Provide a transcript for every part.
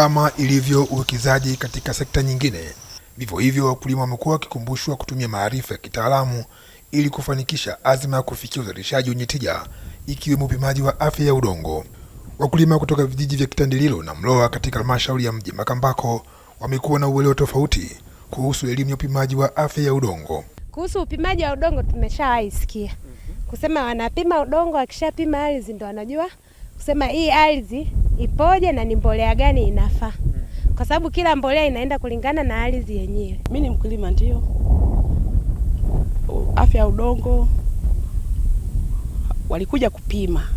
Kama ilivyo uwekezaji katika sekta nyingine, vivyo hivyo wakulima wamekuwa wakikumbushwa kutumia maarifa ya kitaalamu ili kufanikisha azma ya kufikia uzalishaji wenye tija, ikiwemo upimaji wa afya ya udongo. Wakulima kutoka vijiji vya Kitandililo na Mloa katika halmashauri ya mji Makambako wamekuwa na uelewa tofauti kuhusu elimu ya upimaji wa afya ya udongo. Kuhusu upimaji wa udongo tumeshawaisikia kusema wanapima udongo, wakishapima ardhi ndo wanajua kusema hii ardhi ipoje na ni mbolea gani inafaa, hmm. kwa sababu kila mbolea inaenda kulingana na ardhi yenyewe. Mimi ni mkulima, ndio afya ya udongo walikuja kupima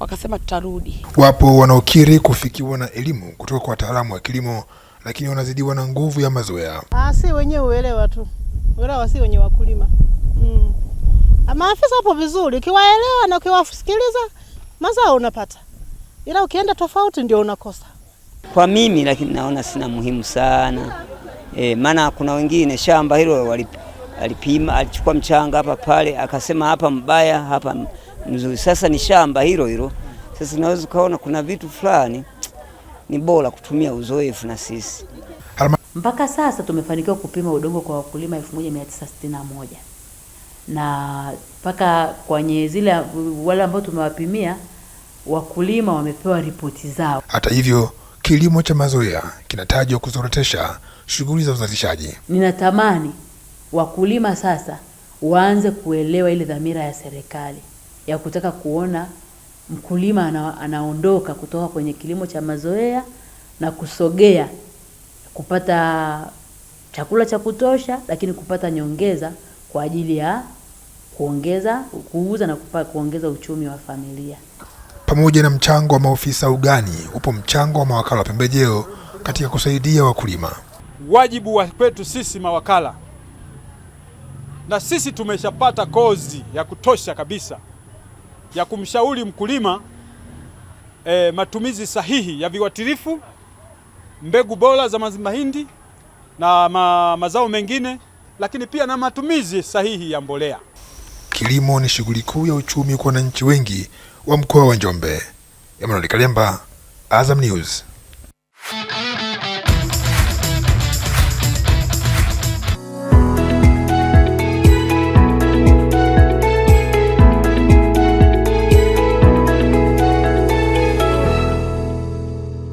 wakasema tutarudi. Wapo wanaokiri kufikiwa na elimu kutoka kwa wataalamu wa kilimo, lakini wanazidiwa na nguvu ya mazoea. Ah, si wenyewe uelewa tu, uelewa si wenye wakulima mm. Maafisa wapo vizuri, ukiwaelewa na ukiwasikiliza mazao unapata ila ukienda tofauti ndio unakosa. Kwa mimi lakini naona sina muhimu sana e, maana kuna wengine shamba hilo alipima alichukua mchanga hapa pale, akasema hapa mbaya, hapa mzuri. Sasa ni shamba hilo hilo. Sasa naweza ukaona kuna vitu fulani ni bora kutumia uzoefu na sisi. Mpaka sasa tumefanikiwa kupima udongo kwa wakulima 1961 na mpaka kwenye zile wale ambao tumewapimia wakulima wamepewa ripoti zao. Hata hivyo, kilimo cha mazoea kinatajwa kuzorotesha shughuli za uzalishaji. Ninatamani wakulima sasa waanze kuelewa ile dhamira ya serikali ya kutaka kuona mkulima ana, anaondoka kutoka kwenye kilimo cha mazoea na kusogea kupata chakula cha kutosha, lakini kupata nyongeza kwa ajili ya kuongeza kuuza na kupa, kuongeza uchumi wa familia. Pamoja na mchango wa maofisa ugani, upo mchango wa mawakala wa pembejeo katika kusaidia wakulima. Wajibu wa kwetu sisi mawakala, na sisi tumeshapata kozi ya kutosha kabisa ya kumshauri mkulima e, matumizi sahihi ya viwatilifu, mbegu bora za mahindi na ma, mazao mengine, lakini pia na matumizi sahihi ya mbolea. Kilimo ni shughuli kuu ya uchumi kwa wananchi wengi wa mkoa wa Njombe. Emmanuel Kalemba, Azam News.